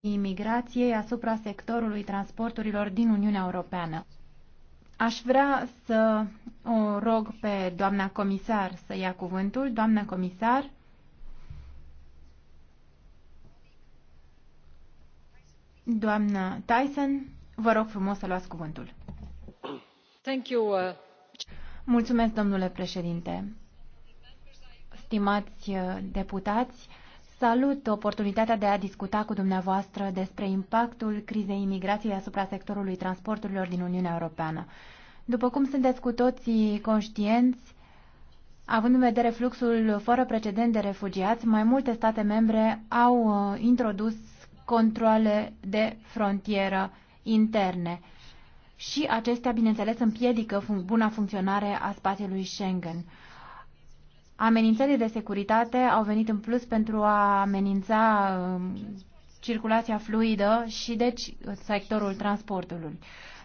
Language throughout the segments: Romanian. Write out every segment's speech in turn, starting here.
imigrației asupra sectorului transporturilor din Uniunea Europeană. Aș vrea să o rog pe doamna comisar să ia cuvântul. Doamna comisar. Doamna Tyson, vă rog frumos să luați cuvântul. Thank you. Uh, Mulțumesc, domnule președinte. Stimați uh, deputați, Salut oportunitatea de a discuta cu dumneavoastră despre impactul crizei imigrației asupra sectorului transporturilor din Uniunea Europeană. După cum sunteți cu toții conștienți, având în vedere fluxul fără precedent de refugiați, mai multe state membre au uh, introdus controle de frontieră interne. Și acestea, bineînțeles, împiedică buna funcționare a spațiului Schengen. Amenințările de securitate au venit în plus pentru a amenința um, circulația fluidă și deci sectorul transportului.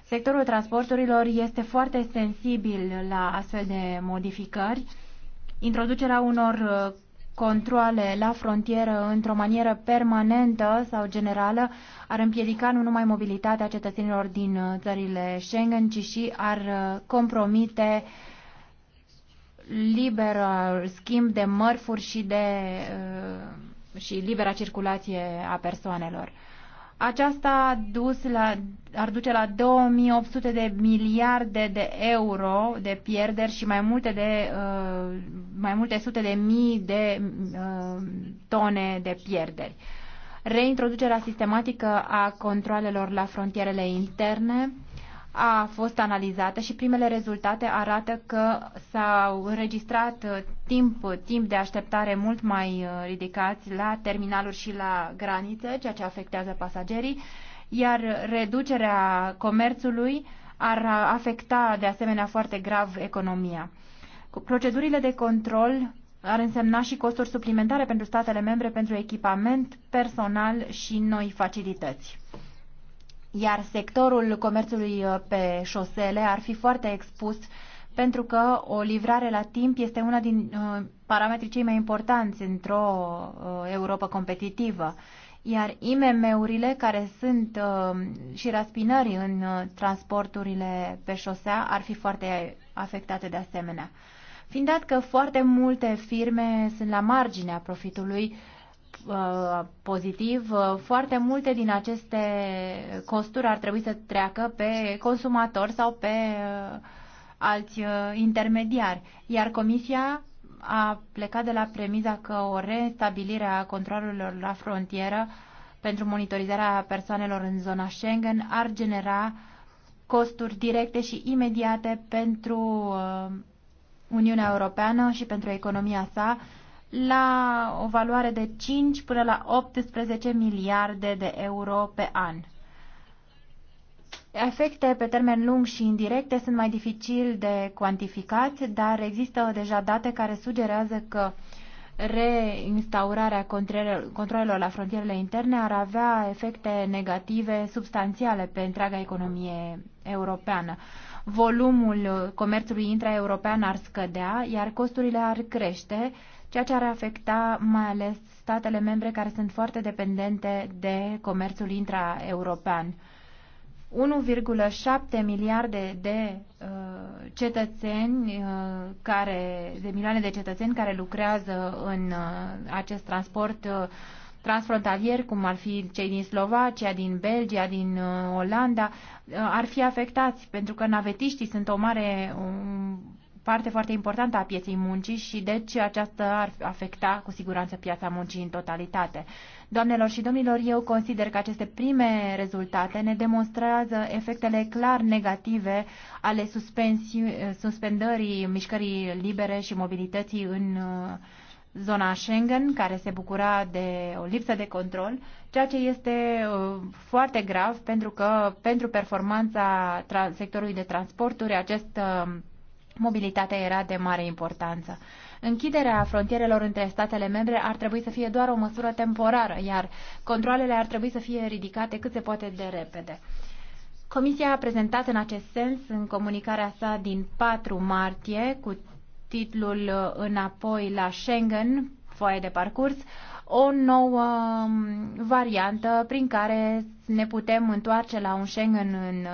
Sectorul transporturilor este foarte sensibil la astfel de modificări. Introducerea unor uh, controle la frontieră într-o manieră permanentă sau generală ar împiedica nu numai mobilitatea cetățenilor din uh, țările Schengen, ci și ar uh, compromite uh, liber schimb de mărfuri și de uh, și libera circulație a persoanelor. Aceasta dus la, ar duce la 2800 de miliarde de euro de pierderi și mai multe, de, uh, mai multe sute de mii de uh, tone de pierderi. Reintroducerea sistematică a controlelor la frontierele interne, a fost analizată și primele rezultate arată că s-au înregistrat uh, timp, timp de așteptare mult mai uh, ridicați la terminaluri și la graniță, ceea ce afectează pasagerii, iar reducerea comerțului ar afecta de asemenea foarte grav economia. Procedurile de control ar însemna și costuri suplimentare pentru statele membre pentru echipament, personal și noi facilități iar sectorul comerțului uh, pe șosele ar fi foarte expus pentru că o livrare la timp este una din uh, parametrii cei mai importanți într-o uh, Europa competitivă. Iar IMM-urile care sunt și raspinări în transporturile pe șosea ar fi foarte afectate de asemenea. Fiind dat că foarte multe firme sunt la marginea profitului, uh, Uh, pozitiv, uh, foarte multe din aceste costuri ar trebui să treacă pe consumator sau pe uh, alți intermediari. Iar Comisia a plecat de la premiza că o restabilire a controlurilor la frontieră pentru monitorizarea persoanelor în zona Schengen ar genera costuri directe și imediate pentru Uniunea Europeană și pentru economia sa la o valoare de 5 până la 18 miliarde de euro pe an. Efecte pe termen lung și indirecte sunt mai dificil de cuantificat, dar există deja date care sugerează că reinstaurarea controlelor la frontierele interne ar avea efecte negative substanțiale pe întreaga economie europeană. Volumul comerțului intraeuropean ar scădea, iar costurile ar crește, ceea ce ar afecta mai ales statele membre care sunt foarte dependente de comerțul intraeuropean. 1,7 miliarde de uh, cetățeni uh, care, de milioane de cetățeni care lucrează în uh, acest transport uh, transfrontalier, cum ar fi cei din Slovacia, din Belgia, din uh, Olanda, uh, ar fi afectați, pentru că navetiștii sunt o mare um, parte foarte importantă a pieței muncii și deci aceasta ar afecta cu siguranță piața muncii în totalitate. Doamnelor și domnilor, eu consider că aceste prime rezultate ne demonstrează efectele clar negative ale suspendării mișcării libere și mobilității în uh, zona Schengen, care se bucura de o lipsă de control, ceea ce este uh, foarte grav pentru că pentru performanța sectorului de transporturi acest uh, mobilitatea era de mare importanță. Închiderea frontierelor între statele membre ar trebui să fie doar o măsură temporară, iar controlele ar trebui să fie ridicate cât se poate de repede. Comisia a prezentat în acest sens în comunicarea sa din 4 martie cu titlul uh, Înapoi la Schengen, foaie de parcurs, o nouă um, variantă prin care ne putem întoarce la un Schengen în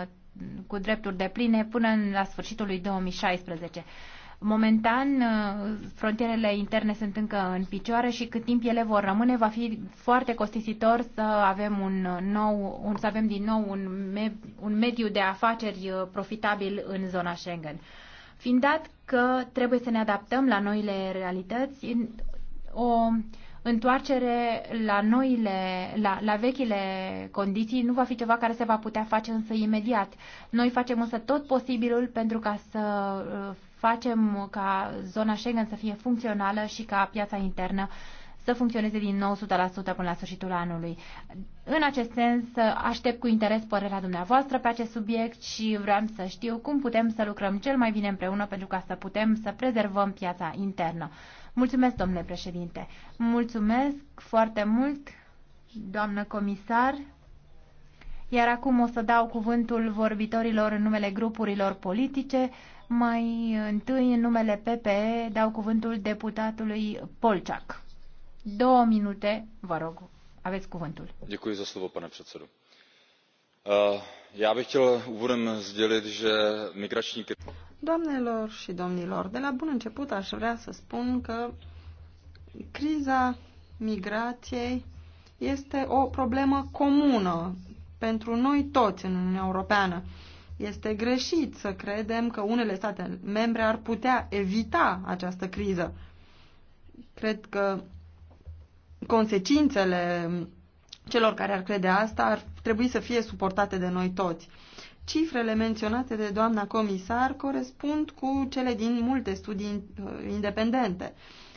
cu drepturi de pline până la sfârșitul lui 2016. Momentan, uh, frontierele interne sunt încă în picioare și cât timp ele vor rămâne, va fi foarte costisitor să avem, un uh, nou, un, să avem din nou un, me, un mediu de afaceri uh, profitabil în zona Schengen. Fiind dat că trebuie să ne adaptăm la noile realități, o întoarcere la noile, la, la vechile condiții nu va fi ceva care se va putea face însă imediat. Noi facem însă tot posibilul pentru ca să uh, facem ca zona Schengen să fie funcțională și ca piața internă să funcționeze din nou 100% până la sfârșitul anului. În acest sens, uh, aștept cu interes părerea dumneavoastră pe acest subiect și vreau să știu cum putem să lucrăm cel mai bine împreună pentru ca să putem să prezervăm piața internă. Mulțumesc, domnule președinte. Mulțumesc foarte mult, doamnă comisar. Iar acum o să dau cuvântul vorbitorilor în numele grupurilor politice. Mai întâi, în numele PPE, dau cuvântul deputatului Polciac. Două minute, vă rog, aveți cuvântul. Děkuji za slovo, pane předsedo. Eh, já bych chtěl úvodem sdělit, že migrační krize... Doamnelor și domnilor, de la bun început aș vrea să spun că criza migrației este o problemă comună pentru noi toți în Uniunea Europeană. Este greșit să credem că unele state membre ar putea evita această criză. Cred că consecințele celor care ar crede asta ar trebui să fie suportate de noi toți. Cifrele menționate de doamna comisar corespund cu cele din multe studii uh, independente.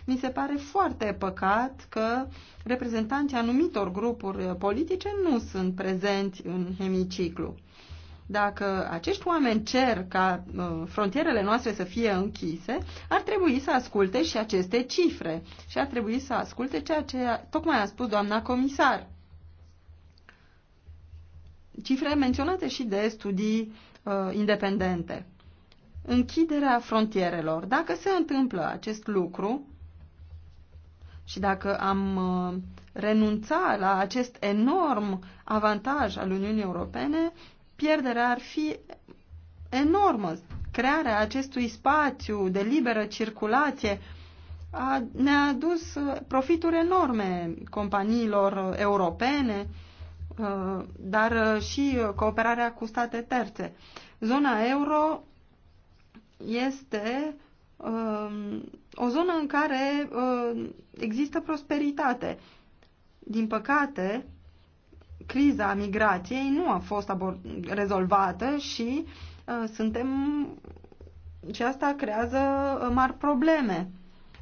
Mi se pare foarte păcat că reprezentanții anumitor grupuri uh, politice nu sunt prezenți în hemiciclu. Dacă acești oameni cer ca uh, frontierele noastre să fie închise, ar trebui să asculte și aceste cifre și ar trebui să asculte ceea ce tocmai a spus doamna comisar cifre menționate și de studii uh, independente. Închiderea frontierelor. Dacă se întâmplă acest lucru și dacă am uh, renunța la acest enorm avantaj al Uniunii Europene, pierderea ar fi enormă. Crearea acestui spațiu de liberă circulație ne-a adus uh, profituri enorme companiilor uh, europene, uh, Uh, dar uh, și uh, cooperarea cu state terțe. Zona euro este um, o zonă în care există prosperitate. Din păcate, criza migrației nu a fost rezolvată și suntem și asta creează mari probleme.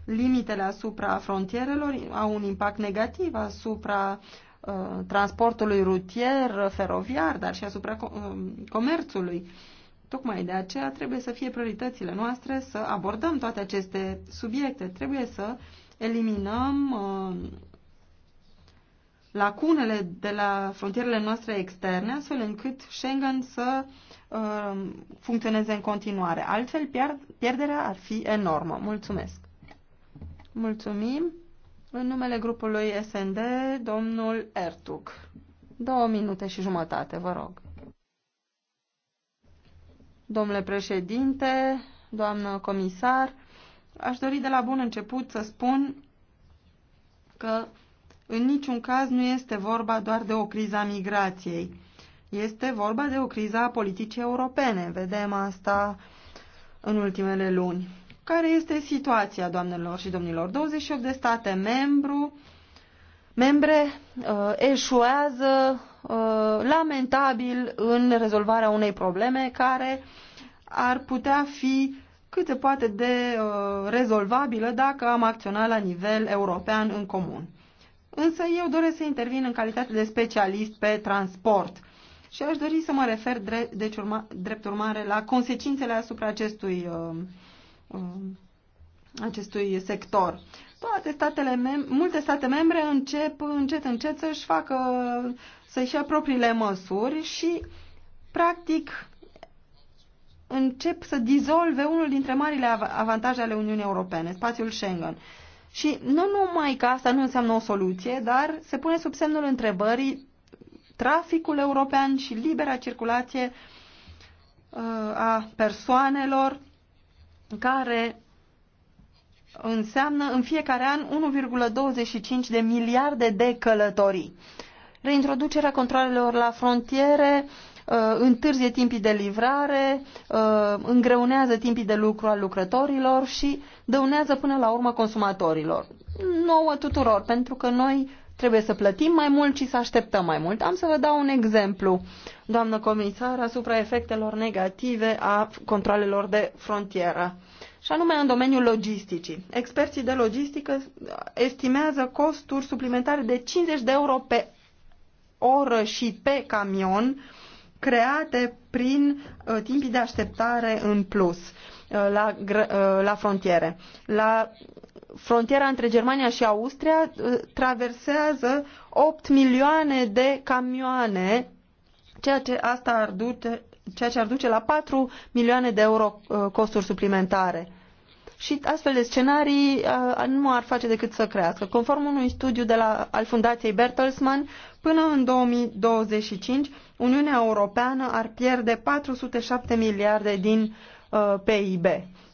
Limitele asupra frontierelor au un impact negativ asupra Uh, transportului rutier, feroviar, dar și asupra uh, comerțului. Tocmai de aceea trebuie să fie prioritățile noastre să abordăm toate aceste subiecte. Trebuie să eliminăm uh, lacunele de la frontierele noastre externe, astfel încât Schengen să funcționeze în continuare. Altfel, pierderea ar fi enormă. Mulțumesc! Mulțumim! În numele grupului SND, domnul Ertug. Două minute și jumătate, vă rog. Domnule președinte, doamnă comisar, aș dori de la bun început să spun că în niciun caz nu este vorba doar de o criză a migrației. Este vorba de o criză a politicii europene. Vedem asta în ultimele luni. Care este situația, doamnelor și domnilor? 28 de state membru, membre uh, eșuează uh, lamentabil în rezolvarea unei probleme care ar putea fi cât se poate de uh, rezolvabilă dacă am acționat la nivel european în comun. Însă eu doresc să intervin în calitate de specialist pe transport și aș dori să mă refer drept, deci urma, drept urmare la consecințele asupra acestui uh, Um, acestui sector. Toate statele mem- multe state membre încep încet încet să-și facă să-și ia propriile măsuri și practic încep să dizolve unul dintre marile avantaje ale Uniunii Europene, spațiul Schengen. Și nu numai că asta nu înseamnă o soluție, dar se pune sub semnul întrebării traficul european și libera circulație uh, a persoanelor care înseamnă în fiecare an 1,25 de miliarde de călătorii. Reintroducerea controlelor la frontiere uh, întârzie timpii de livrare, uh, îngreunează timpii de lucru al lucrătorilor și dăunează până la urmă consumatorilor. Nouă tuturor, pentru că noi trebuie să plătim mai mult și să așteptăm mai mult. Am să vă dau un exemplu, doamnă comisar, asupra efectelor negative a controlelor de frontieră. Și anume în domeniul logisticii. Experții de logistică estimează costuri suplimentare de 50 de euro pe oră și pe camion create prin uh, timpii de așteptare în plus uh, la, uh, la frontiere. La frontiera între Germania și Austria uh, traversează 8 milioane de camioane, ceea ce asta ar duce, ceea ce ar duce la 4 milioane de euro uh, costuri suplimentare. Și astfel de scenarii uh, nu ar face decât să crească. Conform unui studiu de la, al Fundației Bertelsmann, până în 2025, Uniunea Europeană ar pierde 407 miliarde din uh, PIB.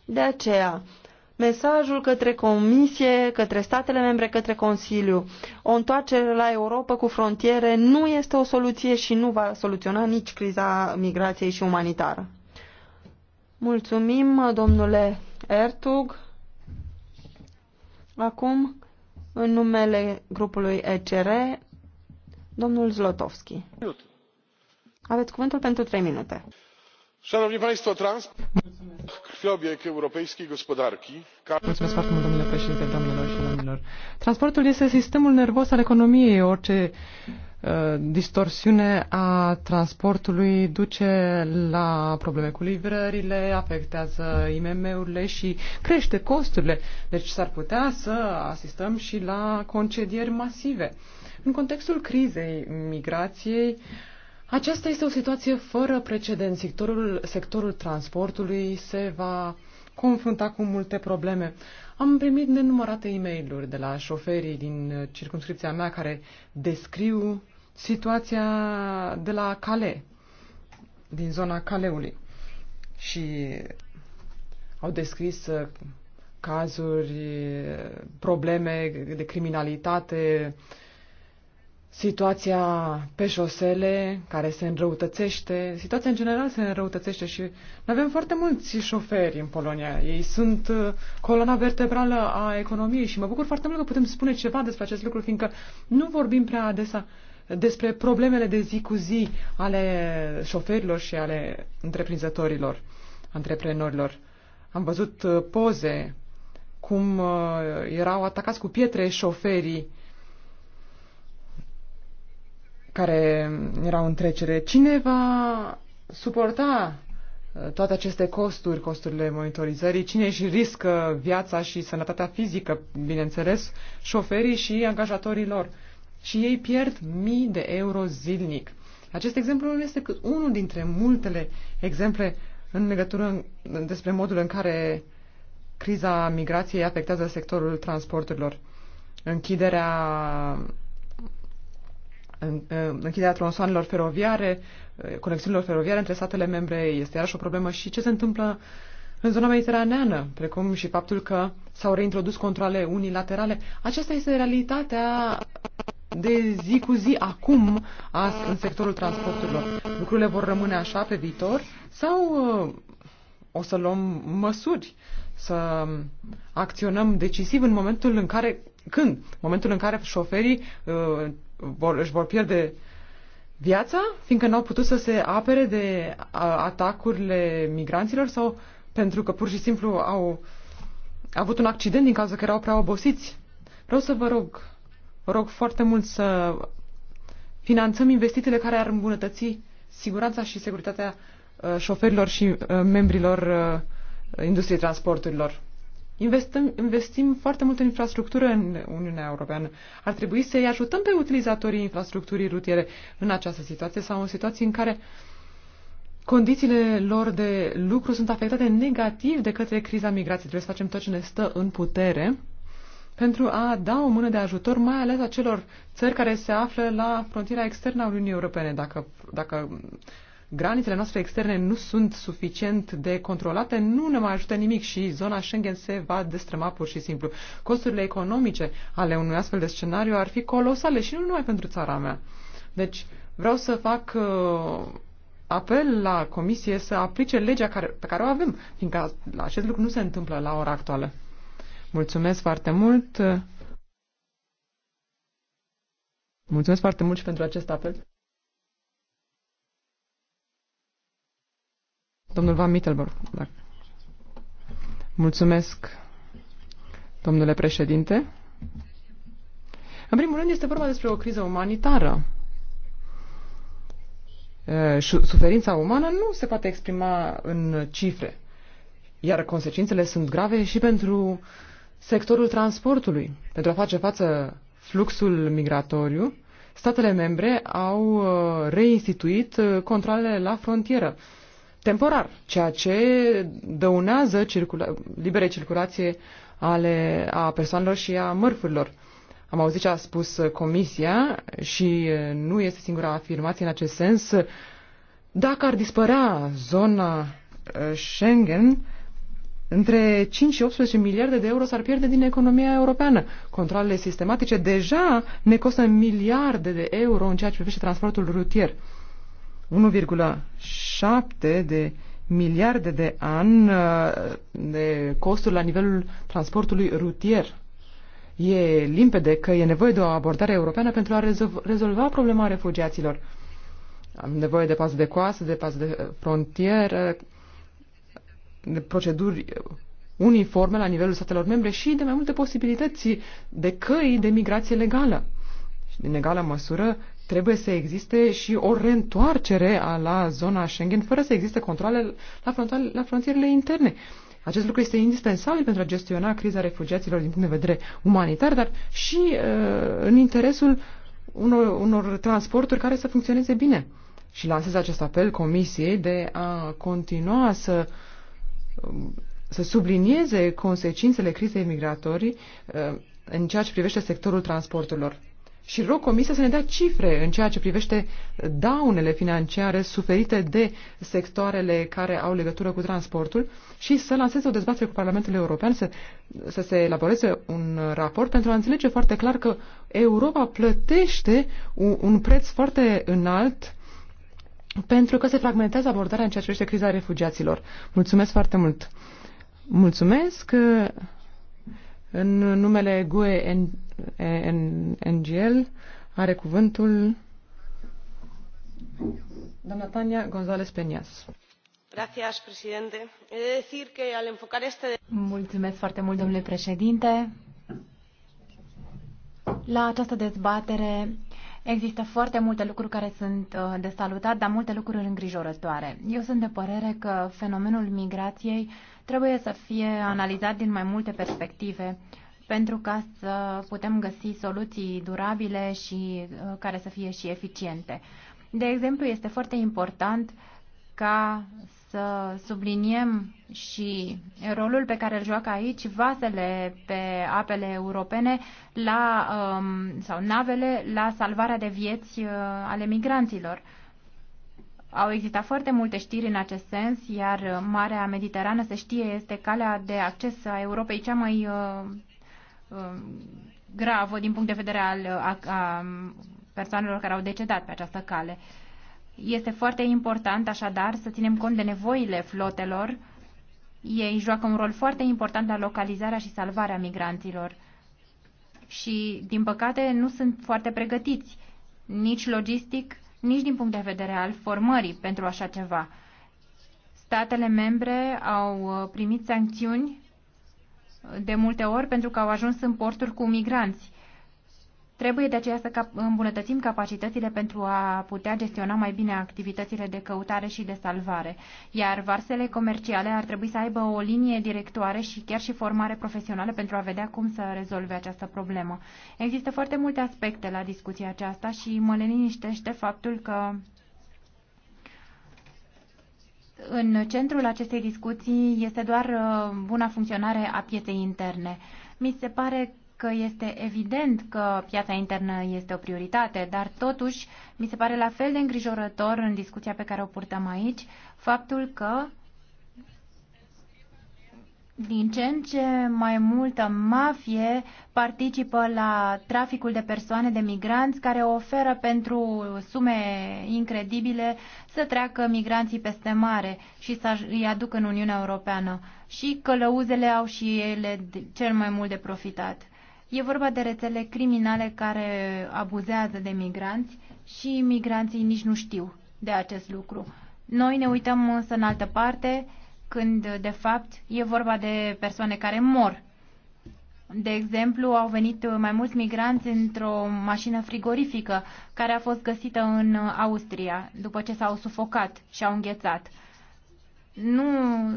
De aceea, mesajul către Comisie, către statele membre, către Consiliu. O întoarcere la Europa cu frontiere nu este o soluție și nu va soluționa nici criza migrației și umanitară. Mulțumim, domnule Ertug. Acum, în numele grupului ECR, domnul Zlotovski. Aveți cuvântul pentru trei minute domnule președinte doamnelor și domnilor transportul este sistemul nervos al economiei orice uh, distorsiune a transportului duce la probleme cu livrările, afectează IMM-urile și crește costurile. Deci s-ar putea să asistăm și la concedieri masive. În contextul crizei migrației, aceasta este o situație fără precedent. Sectorul, sectorul transportului se va confrunta cu multe probleme. Am primit nenumărate e mail de la șoferii din circumscripția mea care descriu situația de la Cale, din zona Caleului. Și au descris uh, cazuri, uh, probleme de criminalitate, uh, situația pe șosele care se înrăutățește, situația în general se înrăutățește și noi avem foarte mulți șoferi în Polonia. Ei sunt uh, coloana vertebrală a economiei și mă bucur foarte mult că putem spune ceva despre acest lucru, fiindcă nu vorbim prea adesea despre problemele de zi cu zi ale șoferilor și ale întreprinzătorilor, antreprenorilor. Am văzut uh, poze cum uh, erau atacați cu pietre șoferii care erau în trecere. Cine va suporta uh, toate aceste costuri, costurile monitorizării, cine își riscă viața și sănătatea fizică, bineînțeles, șoferii și angajatorii lor. Și ei pierd mii de euro zilnic. Acest exemplu este unul dintre multele exemple în legătură despre modul în care criza migrației afectează sectorul transporturilor. Închiderea închiderea tronsoanelor feroviare, eh, conexiunilor feroviare între statele membre este iarăși o problemă și ce se întâmplă în zona mediteraneană, precum și faptul că s-au reintrodus controle unilaterale. Aceasta este realitatea de zi cu zi acum în sectorul transporturilor. Lucrurile vor rămâne așa pe viitor sau eh, o să luăm măsuri, să acționăm decisiv în momentul în care, când? Momentul în care șoferii eh, vor, își vor pierde viața, fiindcă nu au putut să se apere de atacurile migranților sau pentru că pur și simplu au avut un accident din cauza că erau prea obosiți. Vreau să vă rog, vă rog foarte mult să finanțăm investițiile care ar îmbunătăți siguranța și securitatea uh, șoferilor și uh, membrilor uh, industriei transporturilor. Investim, investim foarte mult în infrastructură în Uniunea Europeană. Ar trebui să-i ajutăm pe utilizatorii infrastructurii rutiere în această situație sau în situații în care condițiile lor de lucru sunt afectate negativ de către criza migrației. Trebuie să facem tot ce ne stă în putere pentru a da o mână de ajutor, mai ales acelor țări care se află la frontiera externă a Uniunii Europene. Dacă, dacă granițele noastre externe nu sunt suficient de controlate, nu ne mai ajută nimic și zona Schengen se va destrăma pur și simplu. Costurile economice ale unui astfel de scenariu ar fi colosale și nu numai pentru țara mea. Deci vreau să fac uh, apel la Comisie să aplice legea care, pe care o avem, fiindcă acest lucru nu se întâmplă la ora actuală. Mulțumesc foarte mult! Mulțumesc foarte mult și pentru acest apel. Domnul Van Mittelborg, da. Mulțumesc, domnule președinte. În primul rând este vorba despre o criză umanitară. Suferința umană nu se poate exprima în cifre, iar consecințele sunt grave și pentru sectorul transportului. Pentru a face față fluxul migratoriu, statele membre au reinstituit controlele la frontieră temporar, ceea ce dăunează circula- libere circulație ale, a persoanelor și a mărfurilor. Am auzit ce a spus Comisia și nu este singura afirmație în acest sens. Dacă ar dispărea zona uh, Schengen, între 5 și 18 miliarde de euro s-ar pierde din economia europeană. Controlele sistematice deja ne costă miliarde de euro în ceea ce privește transportul rutier. 1,7 de miliarde de ani uh, de costuri la nivelul transportului rutier. E limpede că e nevoie de o abordare europeană pentru a rezolva problema refugiaților. Am nevoie de pază de coasă, de pază de uh, frontieră, de proceduri uniforme la nivelul statelor membre și de mai multe posibilități de căi de migrație legală. Și din egală măsură trebuie să existe și o reîntoarcere a la zona Schengen fără să existe controle la, la frontierele interne. Acest lucru este indispensabil pentru a gestiona criza refugiaților din punct de vedere umanitar, dar și uh, în interesul unor, unor transporturi care să funcționeze bine. Și lansez acest apel Comisiei de a continua să să sublinieze consecințele crizei migratorii uh, în ceea ce privește sectorul transporturilor și rog Comisia să ne dea cifre în ceea ce privește daunele financiare suferite de sectoarele care au legătură cu transportul și să lanseze o dezbatere cu Parlamentul European, să, să se elaboreze un raport pentru a înțelege foarte clar că Europa plătește un, un preț foarte înalt pentru că se fragmentează abordarea în ceea ce privește criza refugiaților. Mulțumesc foarte mult! Mulțumesc! În numele GUE NGL are cuvântul doamna Tania González Peñas. Gracias, presidente. He de decir que al enfocar este... Mulțumesc foarte mult, domnule președinte. La această dezbatere Există foarte multe lucruri care sunt uh, de salutat, dar multe lucruri îngrijorătoare. Eu sunt de părere că fenomenul migrației trebuie să fie analizat din mai multe perspective pentru ca să putem găsi soluții durabile și uh, care să fie și eficiente. De exemplu, este foarte important ca să subliniem și rolul pe care îl joacă aici vasele pe apele europene la, um, sau navele la salvarea de vieți uh, ale migranților. Au existat foarte multe știri în acest sens, iar Marea Mediterană, se știe, este calea de acces a Europei cea mai uh, uh, gravă din punct de vedere al a, a persoanelor care au decedat pe această cale. Este foarte important, așadar, să ținem cont de nevoile flotelor. Ei joacă un rol foarte important la localizarea și salvarea migranților. Și, din păcate, nu sunt foarte pregătiți, nici logistic, nici din punct de vedere al formării pentru așa ceva. Statele membre au uh, primit sancțiuni de multe ori pentru că au ajuns în porturi cu migranți. Trebuie de aceea să îmbunătățim capacitățile pentru a putea gestiona mai bine activitățile de căutare și de salvare, iar varsele comerciale ar trebui să aibă o linie directoare și chiar și formare profesională pentru a vedea cum să rezolve această problemă. Există foarte multe aspecte la discuția aceasta și mă liniștește faptul că în centrul acestei discuții este doar uh, buna funcționare a pieței interne. Mi se pare că este evident că piața internă este o prioritate, dar totuși mi se pare la fel de îngrijorător în discuția pe care o purtăm aici faptul că din ce în ce mai multă mafie participă la traficul de persoane, de migranți, care oferă pentru sume incredibile să treacă migranții peste mare și să îi aducă în Uniunea Europeană. Și călăuzele au și ele cel mai mult de profitat. E vorba de rețele criminale care abuzează de migranți și migranții nici nu știu de acest lucru. Noi ne uităm însă în altă parte când, de fapt, e vorba de persoane care mor. De exemplu, au venit mai mulți migranți într-o mașină frigorifică care a fost găsită în Austria după ce s-au sufocat și au înghețat. Nu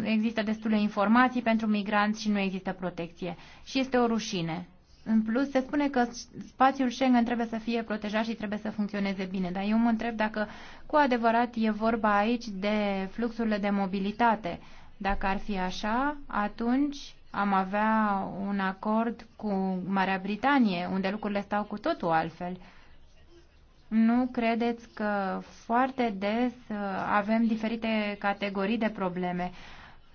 există destule informații pentru migranți și nu există protecție. Și este o rușine. În plus, se spune că spațiul Schengen trebuie să fie protejat și trebuie să funcționeze bine, dar eu mă întreb dacă cu adevărat e vorba aici de fluxurile de mobilitate. Dacă ar fi așa, atunci am avea un acord cu Marea Britanie, unde lucrurile stau cu totul altfel. Nu credeți că foarte des uh, avem diferite categorii de probleme?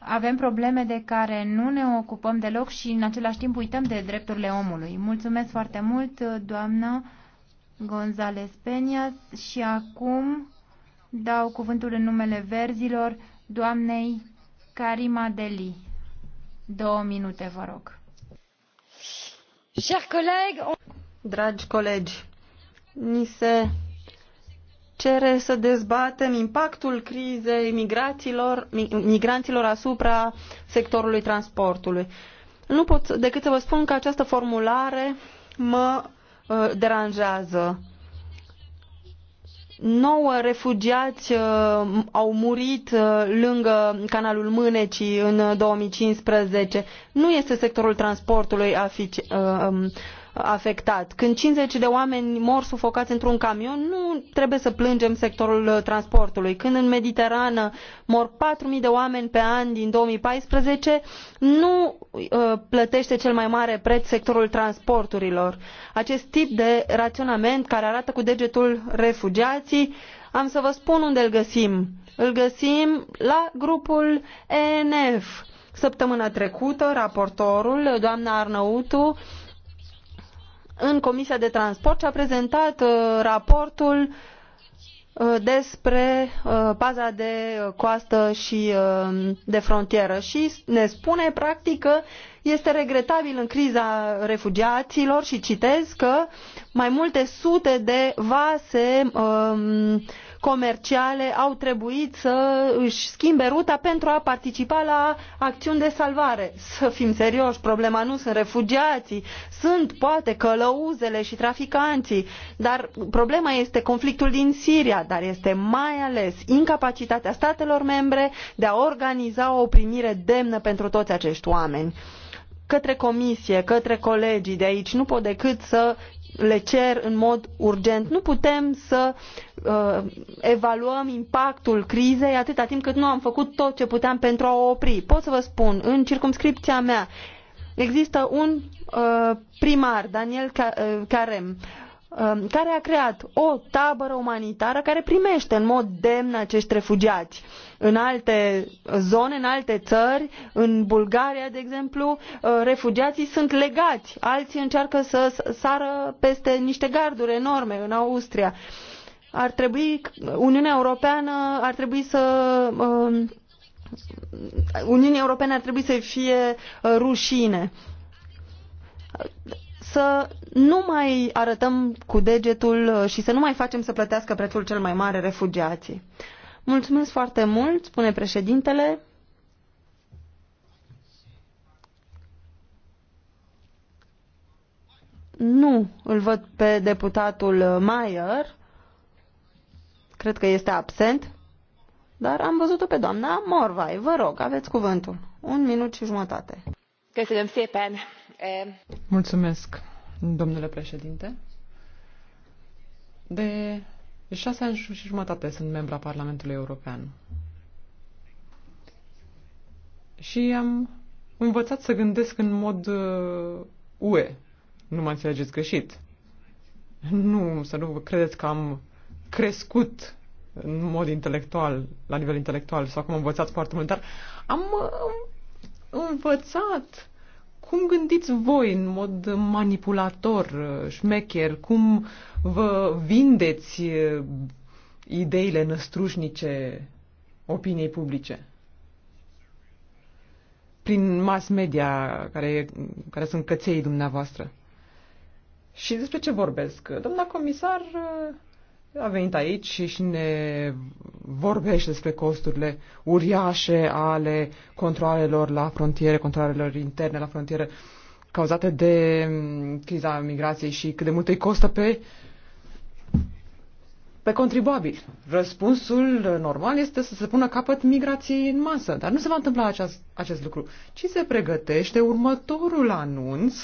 avem probleme de care nu ne ocupăm deloc și în același timp uităm de drepturile omului. Mulțumesc foarte mult, doamnă González Peña, și acum dau cuvântul în numele verzilor doamnei Karima Deli. Două minute, vă rog. Dragi colegi, ni se cere să dezbatem impactul crizei migraților, migranților asupra sectorului transportului. Nu pot decât să vă spun că această formulare mă uh, deranjează. Nouă refugiați uh, au murit uh, lângă canalul Mânecii în 2015. Uh, nu este sectorul transportului afici, uh, um, afectat. Când 50 de oameni mor sufocați într-un camion, nu trebuie să plângem sectorul uh, transportului. Când în Mediterană mor 4.000 de oameni pe an din 2014, nu uh, plătește cel mai mare preț sectorul transporturilor. Acest tip de raționament care arată cu degetul refugiații, am să vă spun unde îl găsim. Îl găsim la grupul ENF. Săptămâna trecută, raportorul, doamna Arnautu, în Comisia de Transport și a prezentat uh, raportul uh, despre paza uh, de coastă și de frontieră și ne spune practic că este regretabil în criza refugiaților și citez că mai multe sute de vase um, comerciale au trebuit să își schimbe ruta pentru a participa la acțiuni de salvare. Să fim serioși, problema nu sunt refugiații, sunt poate călăuzele și traficanții, dar problema este conflictul din Siria, dar este mai ales incapacitatea statelor membre de a organiza o primire demnă pentru toți acești oameni către comisie, către colegii de aici, nu pot decât să le cer în mod urgent. Nu putem să uh, evaluăm impactul crizei atâta timp cât nu am făcut tot ce puteam pentru a o opri. Pot să vă spun, în circumscripția mea există un uh, primar, Daniel uh, Carem, uh, care a creat o tabără umanitară care primește în mod demn acești refugiați. Uh, în alte zone, în alte țări, în Bulgaria, de exemplu, uh, refugiații sunt legați, alții încearcă să sară peste niște garduri enorme în Austria. Ar trebui, Uniunea Europeană ar trebui să um, Uniunii Europene ar trebui să fie uh, rușine să nu mai arătăm cu degetul uh, și să nu mai facem să plătească prețul cel mai mare refugiații. Mulțumesc foarte mult, spune președintele. Nu îl văd pe deputatul Mayer. Cred că este absent. Dar am văzut-o pe doamna Morvai. Vă rog, aveți cuvântul. Un minut și jumătate. Mulțumesc, domnule președinte. De de deci șase ani și jumătate sunt membra Parlamentului European. Și am învățat să gândesc în mod uh, UE. Nu mă înțelegeți greșit. Nu, să nu credeți că am crescut în mod intelectual, la nivel intelectual, sau cum am învățat foarte mult, dar am uh, învățat cum gândiți voi în mod manipulator, uh, șmecher, cum vă vindeți uh, ideile năstrușnice opiniei publice? Prin mass media, care, care sunt căței dumneavoastră. Și despre ce vorbesc? Doamna comisar uh, a venit aici și ne vorbește despre costurile uriașe ale controalelor la frontiere, controalelor interne la frontiere cauzate de mm, criza migrației și cât de mult îi costă pe pe contribuabil. Răspunsul normal este să se pună capăt migrației în masă, dar nu se va întâmpla acest, acest lucru, ci se pregătește următorul anunț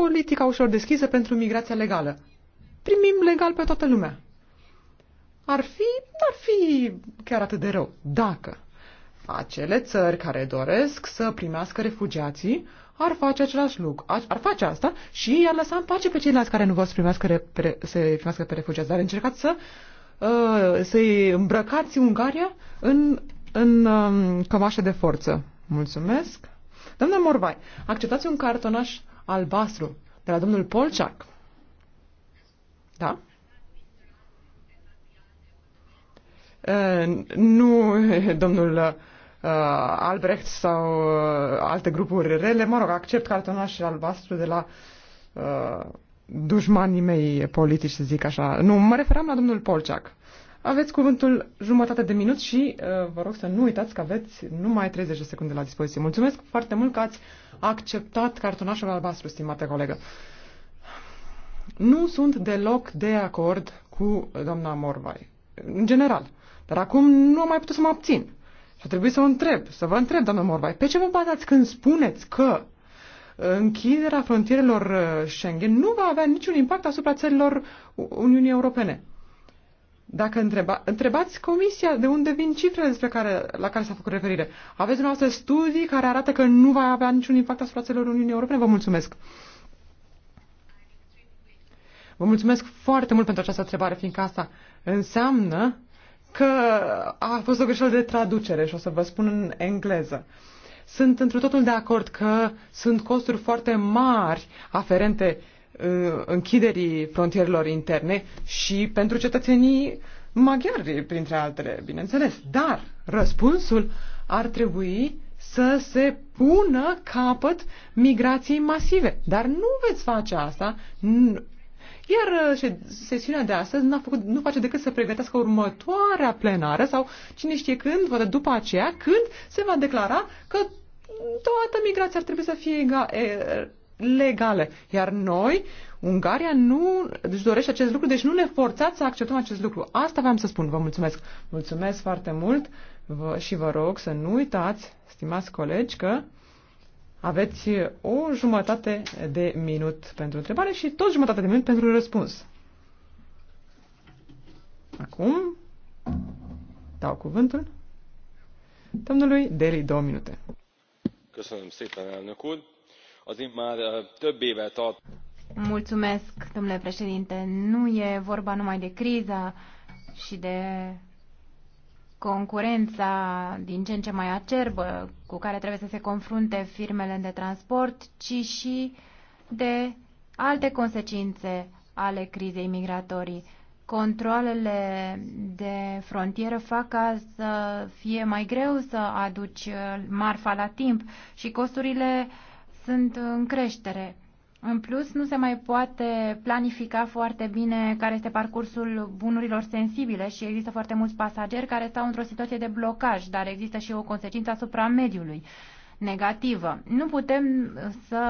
politica ușor deschisă pentru migrația legală. Primim legal pe toată lumea. Ar fi, ar fi chiar atât de rău dacă acele țări care doresc să primească refugiații ar face același lucru, ar, face asta și i-ar lăsa în pace pe ceilalți care nu vor să primească, re, pre, să primească pe refugiați. Dar încercați să, uh, să-i îmbrăcați Ungaria în, în um, cămașă de forță. Mulțumesc! Doamna Morvai, acceptați un cartonaș albastru de la domnul Polciac? Da? Uh, nu, domnul uh, Albrecht sau uh, alte grupuri rele. Mă rog, accept cartonașul albastru de la uh, dușmanii mei politici, să zic așa. Nu, mă referam la domnul Polciac. Aveți cuvântul jumătate de minut și uh, vă rog să nu uitați că aveți numai 30 de secunde la dispoziție. Mulțumesc foarte mult că ați acceptat cartonașul albastru, stimate colegă. Nu sunt deloc de acord cu doamna Morvai, în general. Dar acum nu am mai putut să mă abțin. Și a trebuit să o întreb, să vă întreb, doamna Morvai, pe ce vă bazați când spuneți că închiderea frontierelor uh, Schengen nu va avea niciun impact asupra țărilor Uniunii Europene? Dacă întreba, întrebați comisia de unde vin cifrele despre care, la care s-a făcut referire. Aveți dumneavoastră studii care arată că nu va avea niciun impact asupra țărilor Uniunii Europene? Vă mulțumesc! Vă mulțumesc foarte mult pentru această întrebare, fiindcă asta înseamnă că a fost o greșeală de traducere și o să vă spun în engleză. Sunt într totul de acord că sunt costuri foarte mari aferente uh, Uh, închiderii frontierelor interne și pentru cetățenii maghiari, printre altele, bineînțeles. Dar răspunsul ar trebui să se pună capăt migrației masive. Dar nu veți face asta. Iar uh, sesiunea de astăzi n-a făcut, nu face decât să pregătească următoarea plenară sau cine știe când, poate după aceea, când se va declara că toată migrația ar trebui să fie legale. Iar noi, Ungaria, nu își dorește acest lucru, deci nu ne forțați să acceptăm acest lucru. Asta v-am să spun. Vă mulțumesc. Mulțumesc foarte mult vă, și vă rog să nu uitați, stimați colegi, că aveți o jumătate de minut pentru întrebare și tot jumătate de minut pentru răspuns. Acum dau cuvântul domnului Deli, două minute. Köszönöm Mulțumesc, domnule președinte. Nu e vorba numai de criza și de concurența din ce în ce mai acerbă cu care trebuie să se confrunte firmele de transport, ci și de alte consecințe ale crizei migratorii. Controlele de frontieră fac ca să fie mai greu să aduci marfa la timp și costurile uh, sunt în creștere. În plus, nu se mai poate planifica foarte bine care este parcursul bunurilor sensibile și există foarte mulți pasageri care stau într-o situație de blocaj, dar există și o consecință asupra mediului negativă. Nu putem să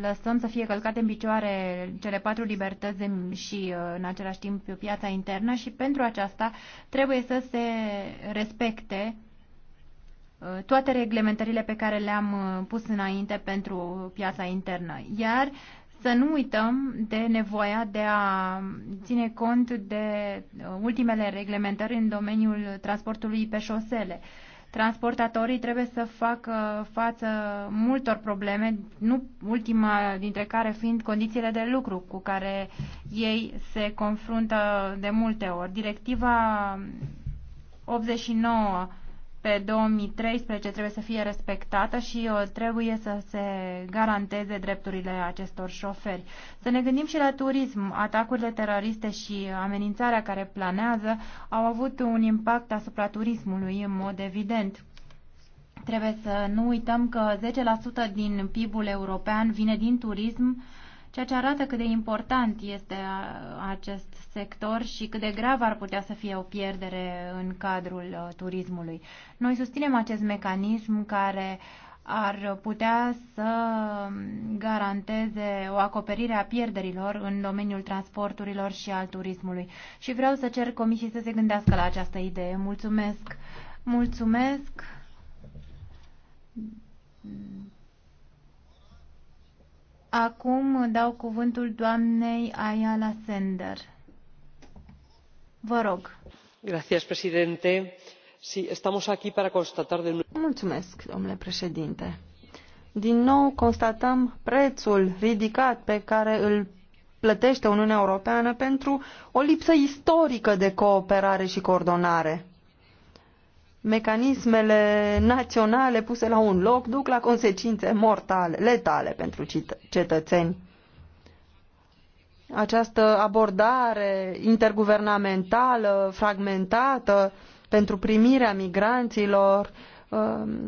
lăsăm să fie călcate în picioare cele patru libertăți și uh, în același timp piața internă și pentru aceasta trebuie să se respecte Uh, toate reglementările pe care le-am uh, pus înainte pentru piața internă. Iar să nu uităm de nevoia de a ține cont de uh, ultimele reglementări în domeniul transportului pe șosele. Transportatorii trebuie să facă față multor probleme, nu ultima dintre care fiind condițiile de lucru cu care ei se confruntă de multe ori. Directiva 89 pe 2013 trebuie să fie respectată și uh, trebuie să se garanteze drepturile acestor șoferi. Să ne gândim și la turism. Atacurile teroriste și amenințarea care planează au avut un impact asupra turismului în mod evident. Trebuie să nu uităm că 10% din PIB-ul european vine din turism, ceea ce arată cât de important este acest sector și cât de grav ar putea să fie o pierdere în cadrul uh, turismului. Noi susținem acest mecanism care ar putea să garanteze o acoperire a pierderilor în domeniul transporturilor și al turismului. Și vreau să cer comisiei să se gândească la această idee. Mulțumesc! Mulțumesc! Acum dau cuvântul doamnei Ayala Sender. Vă rog. Gracias, presidente. Sí, estamos aquí para constatar de Mulțumesc, domnule președinte. Din nou constatăm prețul ridicat pe care îl plătește Uniunea Europeană pentru o lipsă istorică de cooperare și coordonare mecanismele naționale puse la un loc duc la consecințe mortale, letale pentru cetățeni. Această abordare interguvernamentală, fragmentată pentru primirea migranților, um,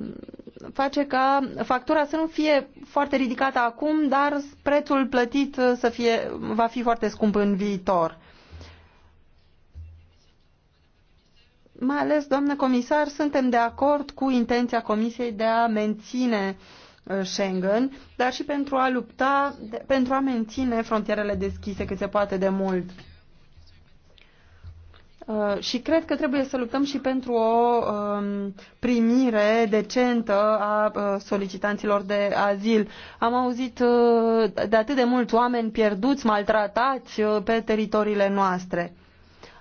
face ca factura să nu fie foarte ridicată acum, dar prețul plătit să fie, va fi foarte scump în viitor. mai ales, doamnă comisar, suntem de acord cu intenția Comisiei de a menține uh, Schengen, dar și pentru a lupta, pentru a menține frontierele deschise cât se poate de mult. Uh, și cred că trebuie să luptăm și pentru o um, primire decentă a uh, solicitanților de azil. Am auzit de atât de mulți oameni pierduți, maltratați pe teritoriile noastre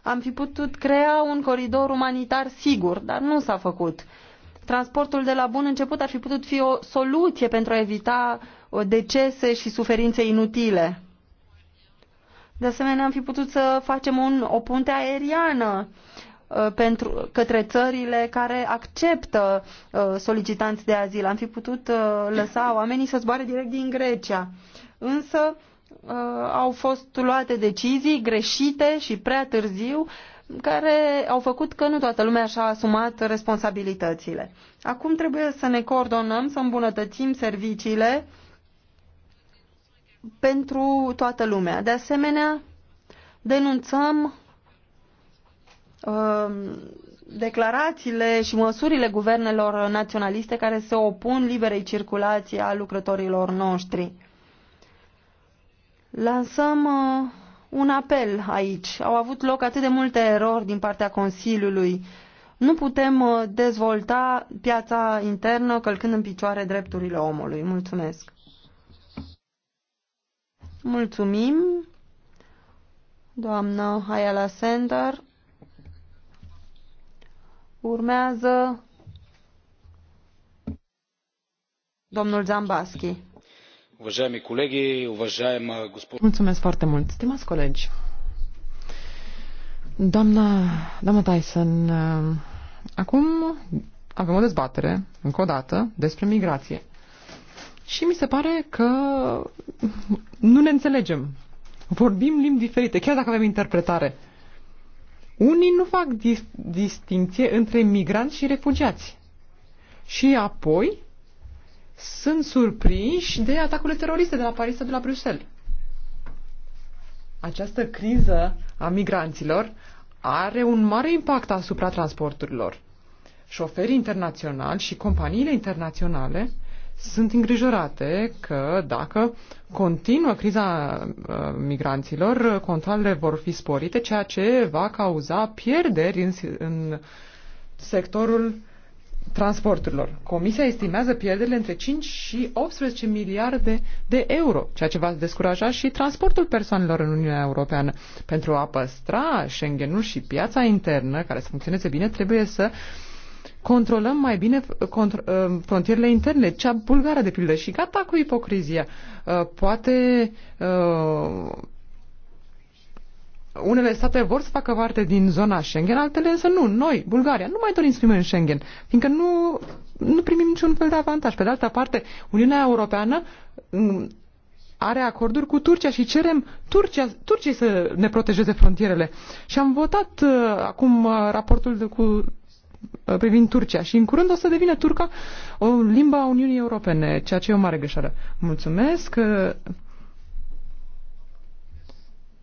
am fi putut crea un coridor umanitar sigur, dar nu s-a făcut. Transportul de la bun început ar fi putut fi o soluție pentru a evita uh, decese și suferințe inutile. De asemenea, am fi putut să facem un, o punte aeriană uh, pentru, către țările care acceptă uh, solicitanți de azil. Am fi putut uh, lăsa oamenii să zboare direct din Grecia. Însă, Uh, au fost luate decizii greșite și prea târziu care au făcut că nu toată lumea și-a asumat responsabilitățile. Acum trebuie să ne coordonăm, să îmbunătățim serviciile pentru toată lumea. De asemenea, denunțăm uh, declarațiile și măsurile guvernelor naționaliste care se opun liberei circulații a lucrătorilor noștri. Lansăm uh, un apel aici. Au avut loc atât de multe erori din partea Consiliului. Nu putem uh, dezvolta piața internă călcând în picioare drepturile omului. Mulțumesc. Mulțumim, doamnă Hayala Sender. Urmează domnul Zambaschi. Mulțumesc foarte mult, stimați colegi. Doamna, doamna Tyson, uh, acum avem o dezbatere, încă o dată, despre migrație. Și mi se pare că nu ne înțelegem. Vorbim limbi diferite, chiar dacă avem interpretare. Unii nu fac dis- distinție între migranți și refugiați. Și apoi sunt surprinși de atacurile teroriste de la Paris sau de la Bruxelles. Această criză a migranților are un mare impact asupra transporturilor. Șoferii internaționali și companiile internaționale sunt îngrijorate că dacă continuă criza uh, migranților, controlele vor fi sporite, ceea ce va cauza pierderi în, în sectorul uh, transporturilor. Comisia estimează pierderile între 5 și 18 miliarde de euro, ceea ce va descuraja și transportul persoanelor în Uniunea Europeană. Pentru a păstra Schengenul și piața internă, care să funcționeze bine, trebuie să controlăm mai bine uh, contr- uh, frontierele interne, cea bulgară de pildă și gata cu ipocrizia. Uh, poate unele state vor să facă parte din zona Schengen, altele însă nu. Noi, Bulgaria, nu mai dorim să fim în Schengen, fiindcă nu, nu primim niciun fel de avantaj. Pe de altă parte, Uniunea Europeană mm, are acorduri cu Turcia și cerem Turcia, Turciei să ne protejeze frontierele. Și am votat uh, acum uh, raportul de cu uh, privind Turcia și în curând o să devină turca o limba a Uniunii Europene, ceea ce e o mare greșeală. Mulțumesc. Uh,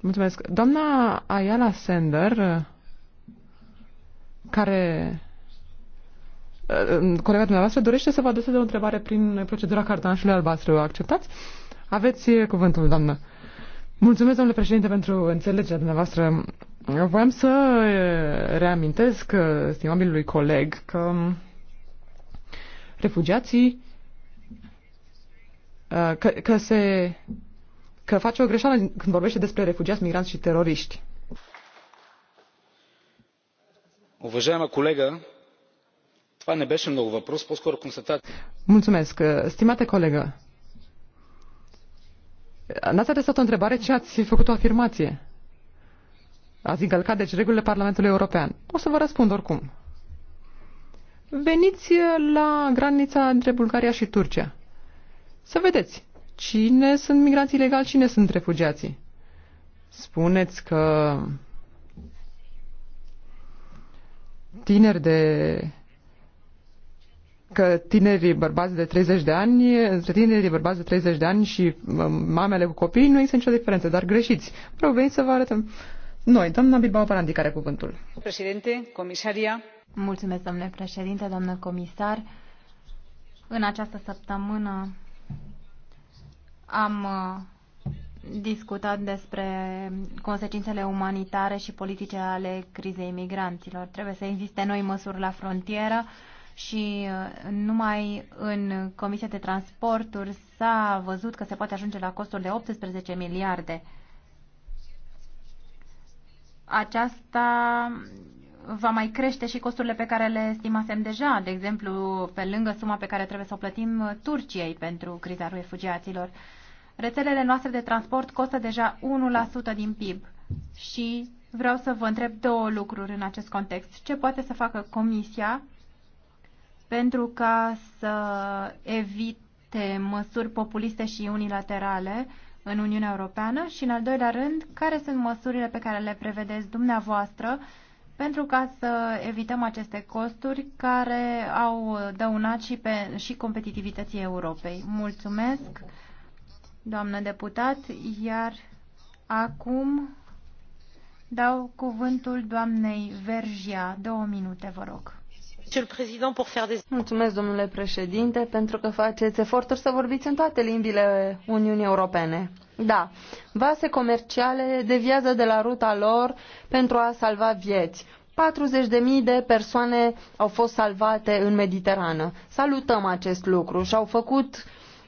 Mulțumesc. Doamna Ayala Sender, uh, care uh, um, colega dumneavoastră dorește să vă adreseze o întrebare prin procedura cartonașului albastru. acceptați? Aveți cuvântul, doamnă. Mulțumesc, domnule președinte, pentru înțelegerea dumneavoastră. Voiam să uh, reamintesc, stimabilului coleg, că um, refugiații că, că se că face o greșeală când vorbește despre refugiați, migranți și teroriști. Уважаема colegă, това не беше много въпрос, по-скоро констатация. Mulțumesc. Stimate colegă, n-ați adresat o întrebare, ce ați făcut o afirmație. Ați încălcat, deci, regulile Parlamentului European. O să vă răspund oricum. Veniți la granița între Bulgaria și Turcia. Să vedeți Cine sunt migranții ilegali, cine sunt refugiații? Spuneți că tineri de că tinerii bărbați de 30 de ani, între tinerii bărbați de 30 de ani și um, mamele cu copii nu există nicio diferență, dar greșiți. Vreau veni să vă arătăm. Noi, doamna Bilbao Parandi, care cuvântul. Președinte, comisaria. Mulțumesc, domnule președinte, doamnă comisar. În această săptămână am uh, discutat despre consecințele umanitare și politice ale crizei migranților. Trebuie să existe noi măsuri la frontieră și uh, numai în Comisia de Transporturi s-a văzut că se poate ajunge la costuri de 18 miliarde. Aceasta va mai crește și costurile pe care le estimasem deja, de exemplu, pe lângă suma pe care trebuie să o plătim Turciei pentru criza refugiaților. Rețelele noastre de transport costă deja 1% din PIB și vreau să vă întreb două lucruri în acest context. Ce poate să facă Comisia pentru ca să evite măsuri populiste și unilaterale în Uniunea Europeană și, în al doilea rând, care sunt măsurile pe care le prevedeți dumneavoastră pentru ca să evităm aceste costuri care au dăunat și, pe, și competitivității Europei. Mulțumesc! doamnă deputat, iar acum dau cuvântul doamnei Vergia. Două minute, vă rog. Mulțumesc, domnule președinte, pentru că faceți eforturi să vorbiți în toate limbile Uniunii Europene. Da, vase comerciale deviază de la ruta lor pentru a salva vieți. 40.000 de persoane au fost salvate în Mediterană. Salutăm acest lucru și au făcut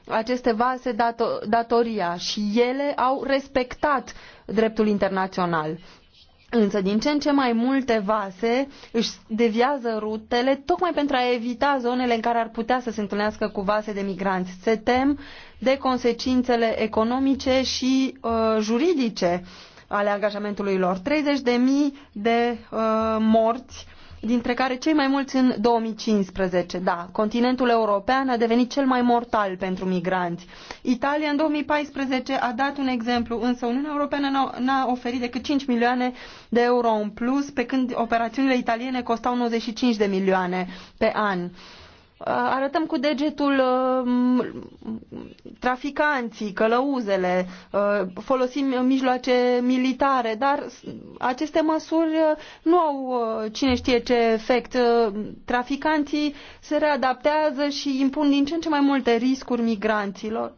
aceste vase dato datoria și ele au respectat dreptul internațional. Însă din ce în ce mai multe vase își deviază rutele tocmai pentru a evita zonele în care ar putea să se întâlnească cu vase de migranți. Se tem de consecințele economice și uh, juridice ale angajamentului lor. 30.000 de uh, morți dintre care cei mai mulți în 2015. Da, continentul european a devenit cel mai mortal pentru migranți. Italia în 2014 a dat un exemplu, însă Uniunea Europeană n-a oferit decât 5 milioane de euro în plus, pe când operațiunile italiene costau 95 de milioane pe an. Uh, arătăm cu degetul uh, traficanții, călăuzele, uh, folosim mijloace militare, dar aceste măsuri nu au cine știe ce efect. Traficanții se readaptează și impun din ce în ce mai multe riscuri migranților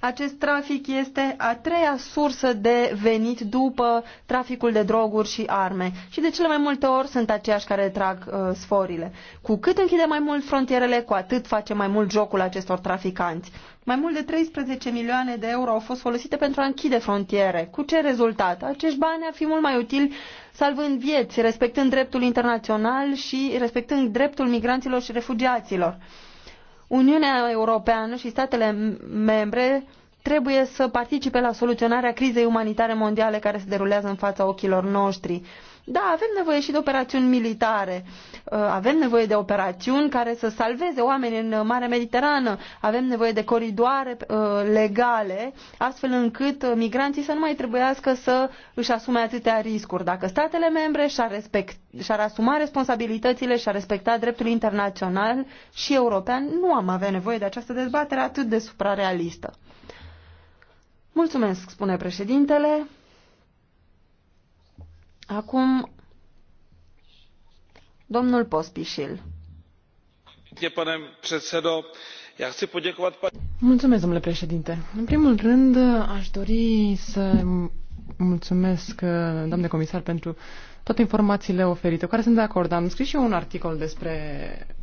acest trafic este a treia sursă de venit după traficul de droguri și arme. Și de cele mai multe ori sunt aceiași care trag uh, sforile. Cu cât închide mai mult frontierele, cu atât face mai mult jocul acestor traficanți. Mai mult de 13 milioane de euro au fost folosite pentru a închide frontiere. Cu ce rezultat? Acești bani ar fi mult mai utili salvând vieți, respectând dreptul internațional și respectând dreptul migranților și refugiaților. Uniunea Europeană și statele membre trebuie să participe la soluționarea crizei umanitare mondiale care se derulează în fața ochilor noștri. Da, avem nevoie și de operațiuni militare. Uh, avem nevoie de operațiuni care să salveze oameni în Marea Mediterană. Avem nevoie de coridoare uh, legale, astfel încât uh, migranții să nu mai trebuiască să își asume atâtea riscuri. Dacă statele membre și-ar, respect, și-ar asuma responsabilitățile și-ar respecta dreptul internațional și european, nu am avea nevoie de această dezbatere atât de suprarealistă. Mulțumesc, spune președintele. Acum, domnul Pospișil. Mulțumesc, domnule președinte. În primul rând, aș dori să mulțumesc, domnule comisar, pentru toate informațiile oferite, care sunt de acord. Am scris și eu un articol despre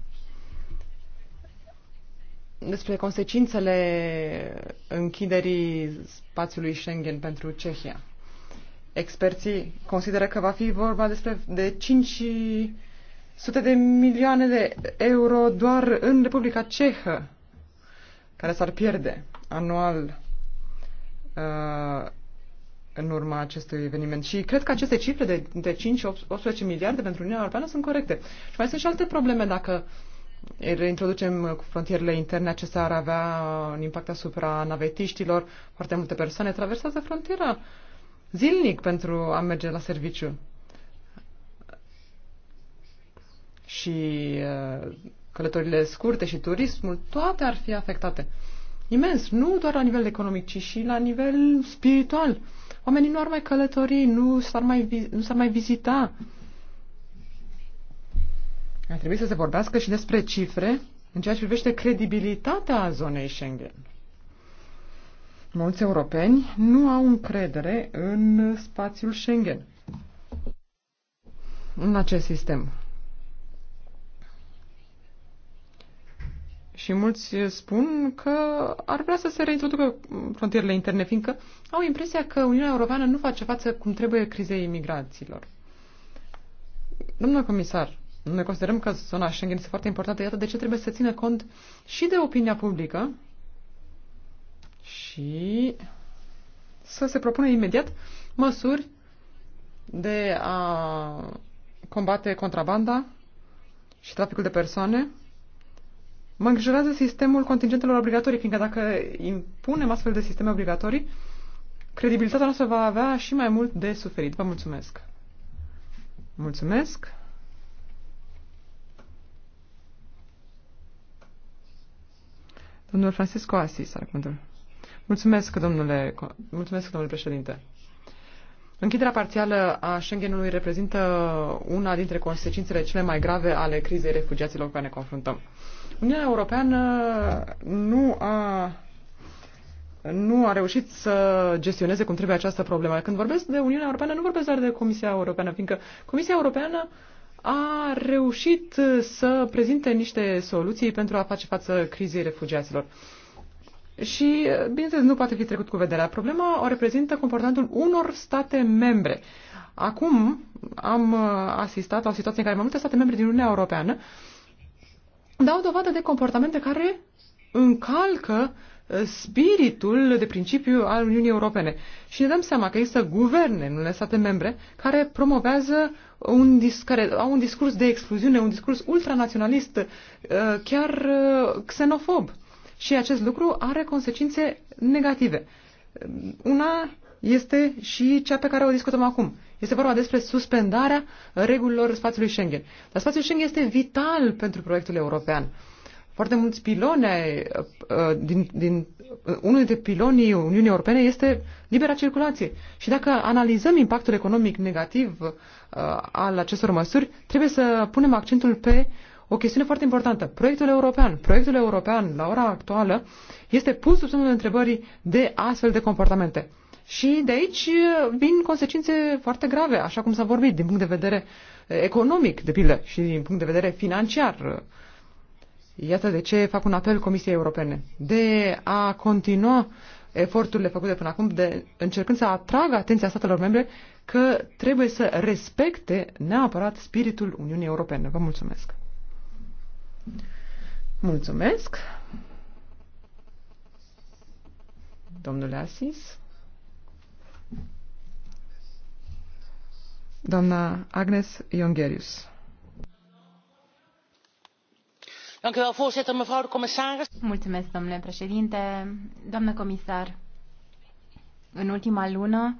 despre consecințele închiderii spațiului Schengen pentru Cehia. Experții consideră că va fi vorba despre de 500 de milioane de euro doar în Republica Cehă, care s-ar pierde anual uh, în urma acestui eveniment. Și cred că aceste cifre de, de 5-18 miliarde pentru Uniunea Europeană sunt corecte. Și mai sunt și alte probleme dacă reintroducem cu frontierele interne, acestea ar avea un impact asupra navetiștilor. Foarte multe persoane traversează frontiera zilnic pentru a merge la serviciu. Și uh, călătorile scurte și turismul, toate ar fi afectate. Imens, nu doar la nivel economic, ci și la nivel spiritual. Oamenii nu ar mai călători, nu s-ar mai, nu s-ar mai vizita. Ar trebui să se vorbească și despre cifre în ceea ce privește credibilitatea zonei Schengen. Mulți europeni nu au încredere în spațiul Schengen, în acest sistem. Și mulți spun că ar vrea să se reintroducă frontierele interne, fiindcă au impresia că Uniunea Europeană nu face față cum trebuie crizei imigraților. Domnul comisar, noi considerăm că zona Schengen este foarte importantă, iată de ce trebuie să țină cont și de opinia publică și să se propună imediat măsuri de a combate contrabanda și traficul de persoane. Mă îngrijorează sistemul contingentelor obligatorii, fiindcă dacă impunem astfel de sisteme obligatorii, credibilitatea noastră va avea și mai mult de suferit. Vă mulțumesc! Mulțumesc! Domnul Francisco Asis, are cuvântul. Mulțumesc, domnule, mulțumesc, domnule președinte. Închiderea parțială a Schengenului reprezintă una dintre consecințele cele mai grave ale crizei refugiaților cu care ne confruntăm. Uniunea Europeană nu a nu a reușit să gestioneze cum trebuie această problemă. Când vorbesc de Uniunea Europeană, nu vorbesc doar de Comisia Europeană, fiindcă Comisia Europeană a reușit să prezinte niște soluții pentru a face față crizei refugiaților și, bineînțeles, nu poate fi trecut cu vederea. Problema o reprezintă comportamentul unor state membre. Acum am uh, asistat la o situație în care mai multe state membre din Uniunea Europeană dau dovadă de comportamente care încalcă uh, spiritul de principiu al Uniunii Europene. Și ne dăm seama că există guverne în unele state membre care promovează un, care au un discurs de excluziune, un discurs ultranaționalist, uh, chiar xenofob. Și acest lucru are consecințe negative. Una este și cea pe care o discutăm acum. Este vorba despre suspendarea regulilor spațiului Schengen. Dar spațiul Schengen este vital pentru proiectul european. Foarte mulți piloni ă, din, din unul dintre pilonii Uniunii Europene este libera circulație. Și dacă analizăm impactul economic negativ ă, al acestor măsuri, trebuie să punem accentul pe uh, o chestiune foarte importantă. Proiectul european. Proiectul european, la ora actuală, este pus sub semnul întrebării de astfel de comportamente. Și de aici uh, vin consecințe foarte grave, așa cum s-a vorbit, din punct de vedere uh, economic, de pildă, și din punct de vedere financiar. Uh, iată de ce fac un apel Comisiei Europene de a continua eforturile făcute până acum, de încercând să atragă atenția statelor membre că trebuie să respecte neapărat spiritul Uniunii Europene. Vă mulțumesc! Mulțumesc. Domnule Asis. Doamna Agnes Jongerius. Mulțumesc, domnule președinte. Doamnă comisar, în ultima lună,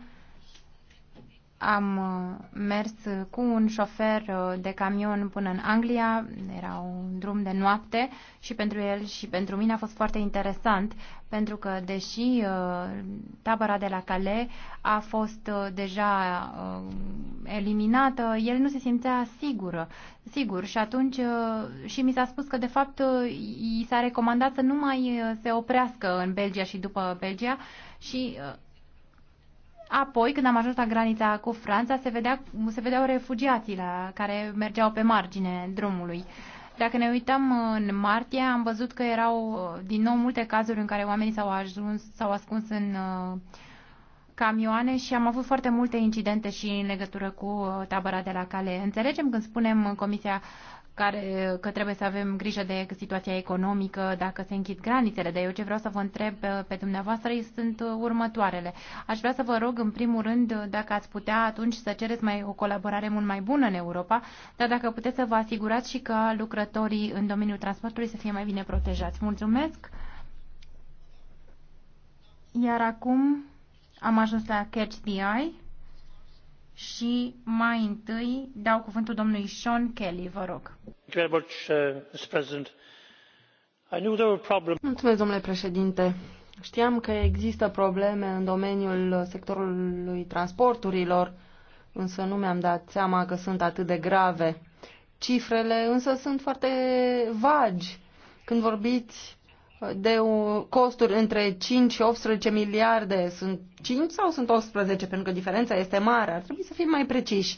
am uh, mers uh, cu un șofer uh, de camion până în Anglia, era un drum de noapte și pentru el și pentru mine a fost foarte interesant, pentru că deși tabăra de la Calais a fost deja eliminată, el nu se simțea sigură, sigur și atunci și mi s-a spus că de fapt i s-a recomandat să nu mai se oprească în Belgia și după Belgia și Apoi, când am ajuns la granița cu Franța, se, vedea, se vedeau refugiații la, care mergeau pe margine drumului. Dacă ne uităm în martie, am văzut că erau din nou multe cazuri în care oamenii s-au ajuns, s-au ascuns în uh, camioane și am avut foarte multe incidente și în legătură cu uh, tabăra de la Cale. Înțelegem când spunem Comisia care, că trebuie să avem grijă de situația economică, dacă se închid granițele, dar eu ce vreau să vă întreb uh, pe dumneavoastră sunt uh, următoarele. Aș vrea să vă rog, în primul rând, uh, dacă ați putea atunci să cereți mai o colaborare mult mai bună în Europa, dar dacă puteți să vă asigurați și că lucrătorii în domeniul transportului să fie mai bine protejați. Mulțumesc! Iar acum am ajuns la Catch the Eye și mai întâi dau cuvântul domnului Sean Kelly, vă rog. Uh, Mulțumesc, domnule președinte. Știam că există probleme în domeniul sectorului transporturilor, însă nu mi-am dat seama că sunt atât de grave. Cifrele însă sunt foarte vagi. Când vorbiți de costuri între 5 și 18 miliarde. Sunt 5 sau sunt 18? Pentru că diferența este mare. Ar trebui să fim mai preciși.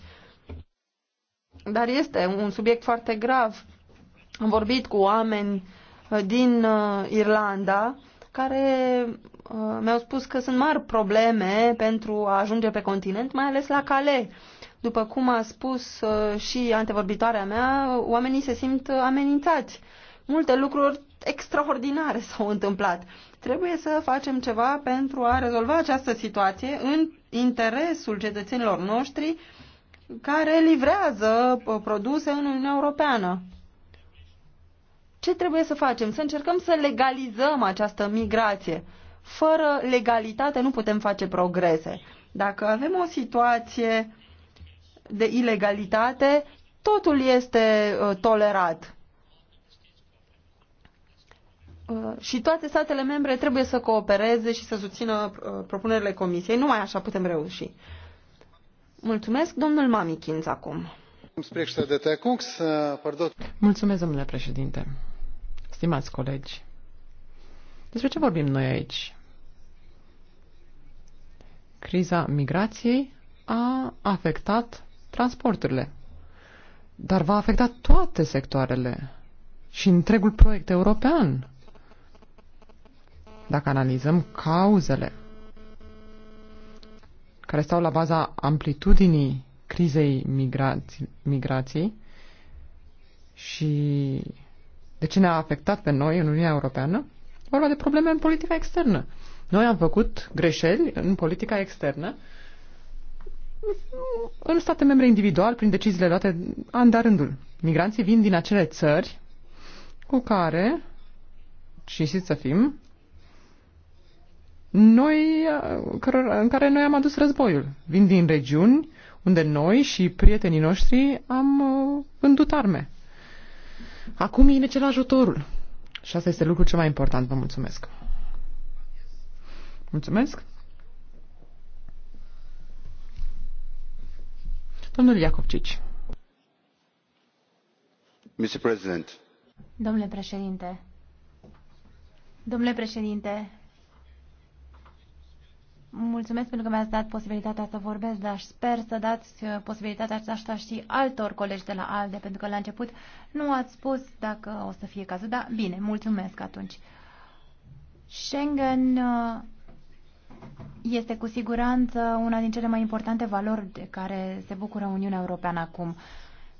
Dar este un subiect foarte grav. Am vorbit cu oameni uh, din uh, Irlanda care uh, mi-au spus că sunt mari probleme pentru a ajunge pe continent, mai ales la cale. După cum a spus și antevorbitoarea mea, oamenii se simt amenințați. Multe lucruri extraordinare s-au întâmplat. Trebuie să facem ceva pentru a rezolva această situație în interesul cetățenilor noștri care livrează uh, produse în Uniunea Europeană. Ce trebuie să facem? Să încercăm să legalizăm această migrație. Fără legalitate nu putem face progrese. Dacă avem o situație de ilegalitate, totul este uh, tolerat Uh, și toate statele membre trebuie să coopereze și să susțină uh, propunerile Comisiei. Numai așa putem reuși. Mulțumesc, domnul Mamichins, acum. Mulțumesc, domnule președinte. Stimați colegi, despre ce vorbim noi aici? Criza migrației a afectat transporturile, dar va afecta toate sectoarele și întregul proiect european dacă analizăm cauzele care stau la baza amplitudinii crizei migrații, migrației și de ce ne-a afectat pe noi în Uniunea Europeană, vorba de probleme în politica externă. Noi am făcut greșeli în politica externă în state membre individual, prin deciziile luate an de rândul. Migranții vin din acele țări cu care, și să fim, noi, în care noi am adus războiul. Vin din regiuni unde noi și prietenii noștri am uh, vândut arme. Acum ei cel ajutorul. Și asta este lucrul cel mai important. Vă mulțumesc. Mulțumesc. Domnul Iacovcici. Mr. President. Domnule președinte. Domnule președinte, mulțumesc pentru că mi-ați dat posibilitatea să vorbesc, dar sper să dați uh, posibilitatea aceasta și altor colegi de la ALDE, pentru că la început nu ați spus dacă o să fie cazul, dar bine, mulțumesc atunci. Schengen uh, este cu siguranță una din cele mai importante valori de care se bucură Uniunea Europeană acum.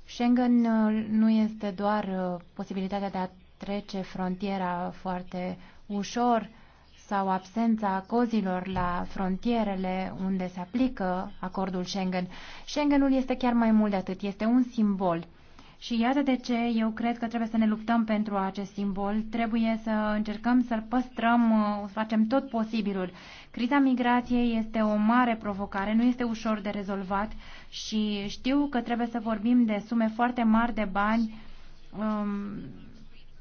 Schengen uh, nu este doar posibilitatea de a trece frontiera foarte ușor, sau absența cozilor la frontierele unde se aplică acordul Schengen. Schengenul este chiar mai mult de atât, este un simbol. Și iată de ce eu cred că trebuie să ne luptăm pentru acest simbol, trebuie să încercăm să-l păstrăm, uh, să facem tot posibilul. Criza migrației este o mare provocare, nu este ușor de rezolvat și știu că trebuie să vorbim de sume foarte mari de bani um,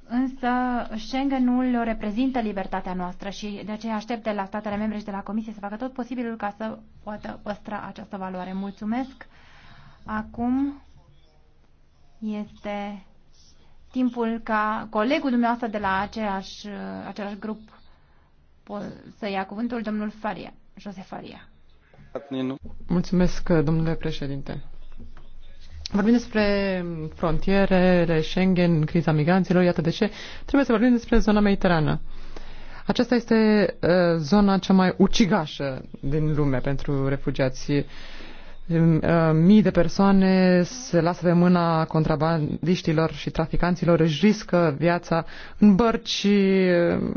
Însă Schengenul reprezintă libertatea noastră și de aceea aștept de la statele membre și de la Comisie să facă tot posibilul ca să poată păstra această valoare. Mulțumesc! Acum este timpul ca colegul dumneavoastră de la aceeași, același grup să ia cuvântul, domnul Faria, Josef Faria. Mulțumesc, domnule președinte. Vorbim despre frontierele Schengen, criza migranților, iată de ce. Trebuie să vorbim despre zona mediterană. Aceasta este uh, zona cea mai ucigașă din lume pentru refugiați. Uh, mii de persoane se lasă de mâna contrabandiștilor și traficanților, își riscă viața în bărci uh,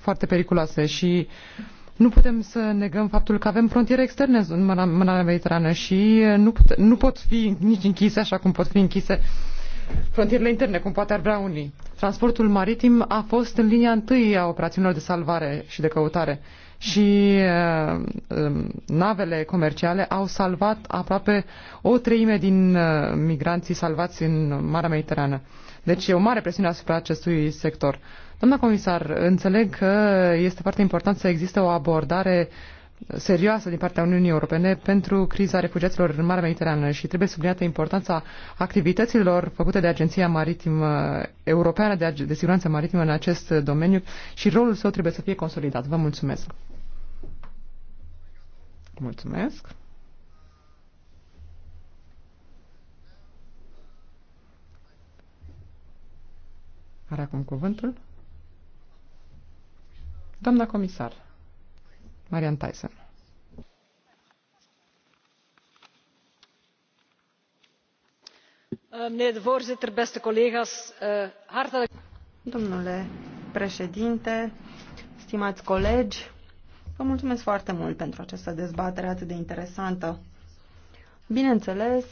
foarte periculoase și uh, nu putem să negăm faptul că avem frontiere externe în Marea Mediterană și uh, nu, put, nu pot fi nici închise așa cum pot fi închise frontierele interne, cum poate ar vrea unii. Transportul maritim a fost în linia întâi a operațiunilor de salvare și de căutare și uh, um, navele comerciale au salvat aproape o treime din uh, migranții salvați în Marea Mediterană. Deci e o mare presiune asupra acestui sector. Uh, Doamna comisar, înțeleg că este foarte important să existe o abordare serioasă din partea Uniunii Europene pentru criza refugiaților în Marea Mediterană și trebuie subliniată importanța activităților făcute de Agenția Maritimă Europeană de, de Siguranță Maritimă în acest domeniu și rolul său trebuie să fie consolidat. Vă mulțumesc! Mulțumesc! Are acum cuvântul? Doamna comisar, Marian Tyson. Eh, meneer de voorzitter, beste collega's, eh, hartelijk... Domnule președinte, stimați colegi, vă mulțumesc foarte mult pentru această dezbatere atât de interesantă. Bineînțeles,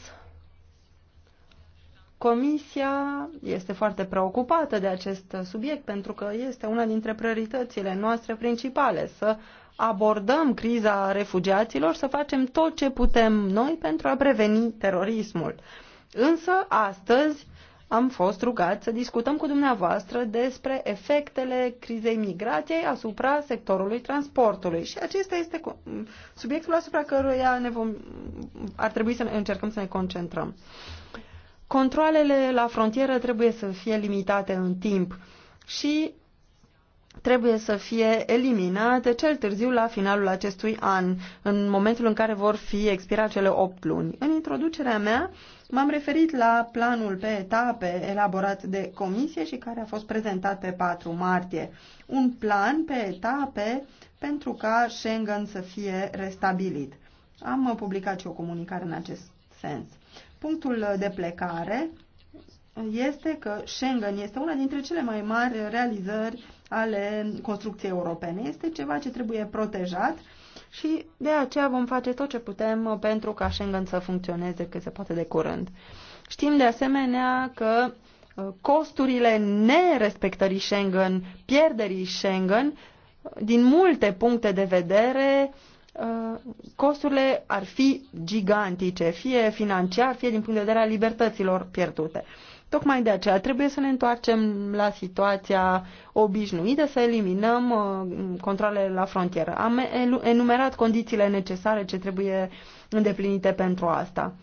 Comisia este foarte preocupată de acest subiect pentru că este una dintre prioritățile noastre principale să abordăm criza refugiaților, să facem tot ce putem noi pentru a preveni terorismul. Însă, astăzi am fost rugat să discutăm cu dumneavoastră despre efectele crizei migrației asupra sectorului transportului. Și acesta este subiectul asupra căruia ne vom, ar trebui să ne, încercăm să ne concentrăm. Uh, Controlele la frontieră trebuie să fie limitate în timp și trebuie să fie eliminate cel târziu la finalul acestui an, în momentul în care vor fi expirat cele 8 luni. În introducerea mea m-am referit la planul pe etape elaborat de comisie și care a fost prezentat pe 4 martie. Un plan pe etape pentru ca Schengen să fie restabilit. Am publicat și o comunicare în acest sens. Punctul de plecare este că Schengen este una dintre cele mai mari realizări ale construcției europene. Este ceva ce trebuie protejat și de aceea vom face tot ce putem pentru ca Schengen să funcționeze cât se poate de curând. Știm de asemenea că uh, costurile nerespectării Schengen, pierderii Schengen, uh, din multe puncte de vedere, Uh, costurile ar fi gigantice, fie financiar, fie din punct de vedere al libertăților pierdute. Tocmai de aceea trebuie să ne întoarcem la situația obișnuită, să eliminăm uh, controlele la frontieră. Am enumerat condițiile necesare ce trebuie îndeplinite pentru asta.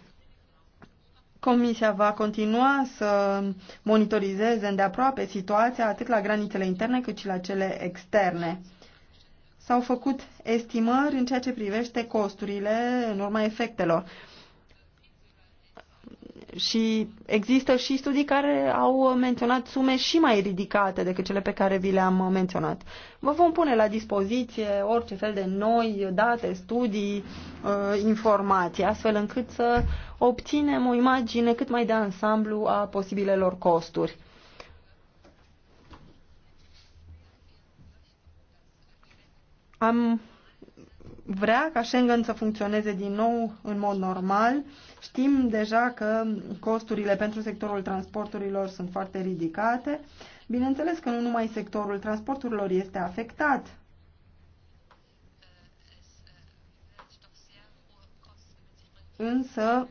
Comisia va continua să monitorizeze îndeaproape situația atât la granițele interne cât și la cele externe. S-au făcut estimări în ceea ce privește costurile în urma efectelor. Și există și studii care au menționat sume și mai ridicate decât cele pe care vi le-am menționat. Vă vom pune la dispoziție orice fel de noi date, studii, uh, informații, astfel încât să obținem o imagine cât mai de ansamblu a posibilelor costuri. Am vrea ca Schengen să funcționeze din nou în mod normal. Știm deja că costurile pentru sectorul transporturilor sunt foarte ridicate. Bineînțeles că nu numai sectorul transporturilor este afectat. Însă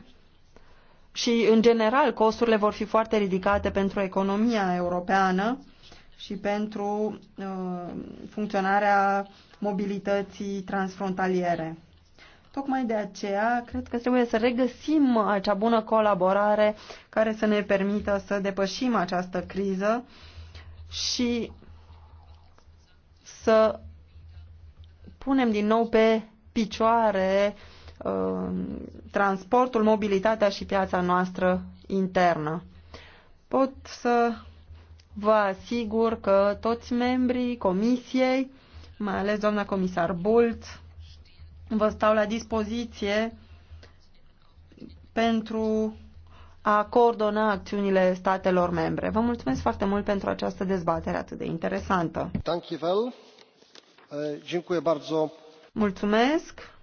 și, în general, costurile vor fi foarte ridicate pentru economia europeană și pentru uh, funcționarea uh, mobilității transfrontaliere. Tocmai de aceea, cred că trebuie să regăsim acea bună colaborare care să ne permită să depășim această criză și să punem din nou pe picioare uh, transportul, mobilitatea și piața noastră internă. Pot să vă asigur că toți membrii comisiei mai ales doamna comisar Bult. Vă stau la dispoziție pentru a coordona acțiunile statelor membre. Vă mulțumesc foarte mult pentru această dezbatere atât de interesantă. Uh, mulțumesc.